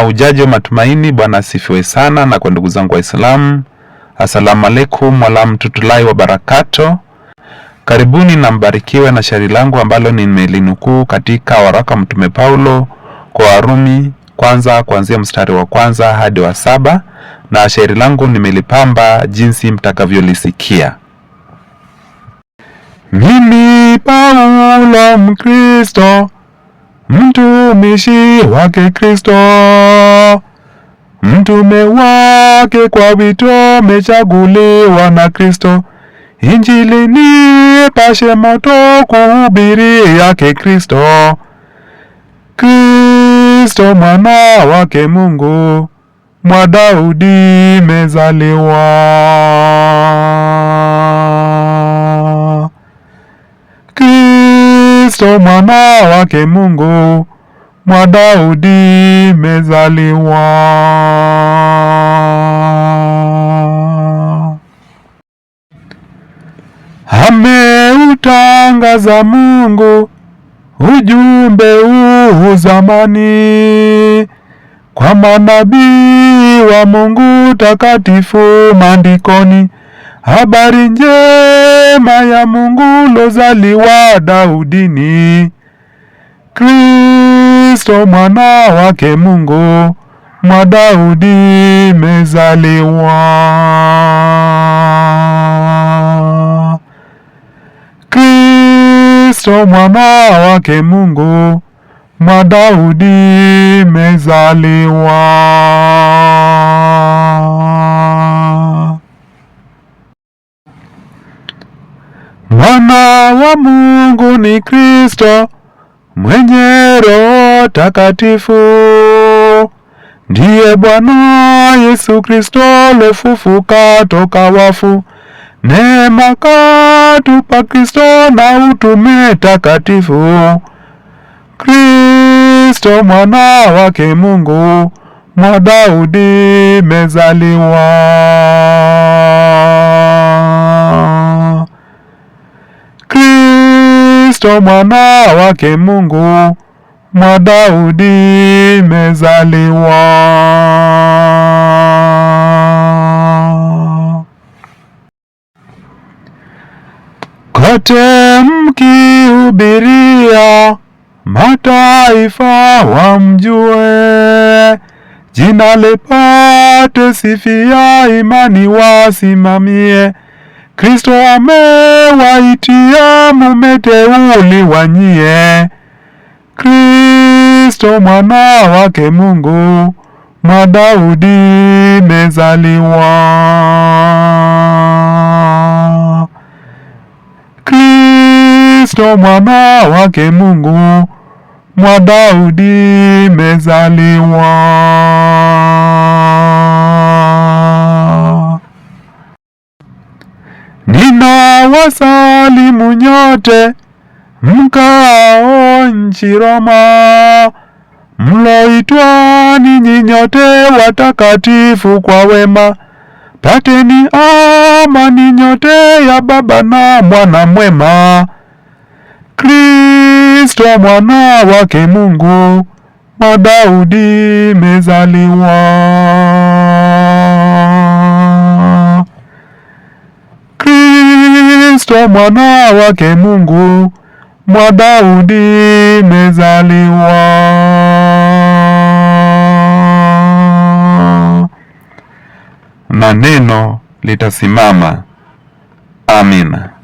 Maujaji wa Matumaini, Bwana asifiwe sana. Na kwa ndugu zangu Waislamu, assalamu alaikum wa barakato Karibuni na mbarikiwe na shairi langu ambalo nimelinukuu katika waraka Mtume Paulo kwa Warumi kwanza kuanzia mstari wa kwanza hadi wa saba, na shairi langu nimelipamba jinsi mtakavyolisikia. Mimi Paulo Mkristo mtumishi wake Kristo, mtume wake kwa wito, mechaguliwa na Kristo. Injili ni pashe moto, kuhubiri yake Kristo, Kristo mwana wake Mungu, mwa Daudi mezaliwa. Kristo mwana wake Mungu, mwa Daudi mezaliwa. Ameutangaza Mungu ujumbe huu zamani kwa manabii wa Mungu takatifu maandikoni Habari njema ya Mungu lozaliwa Daudini, Kristo mwana wake Mungu, mwa Daudi mezaliwa. Kristo mwana wake Mungu, mwa Daudi mezaliwa. Mwana wa Mungu ni Kristo mwenye Roho Takatifu, ndiye Bwana Yesu Kristo lefufuka toka wafu. Neema katupa Kristo na utume takatifu. Kristo mwana wake Mungu mwa Daudi mezaliwa. Kristo mwana wake Mungu, mwa Daudi mezaliwa. Kote mkihubiria, mataifa wamjue, jina lipate sifia imani wasimamie Kristo amewaitia, mumeteuliwa nyie, Kristo mwana wake Mungu, mwa Daudi mezaliwa. Kristo mwana wake Mungu, mwa Daudi mezaliwa. wasalimu nyote mkao nchi Roma, mloitwa ninyi nyote watakatifu kwa wema, pateni amani nyote ya Baba na Mwana mwema. Kristo mwana wake Mungu, mwa Daudi mezaliwa. Kristo mwana wake Mungu, mwa Daudi mezaliwa. Na neno litasimama. Amina.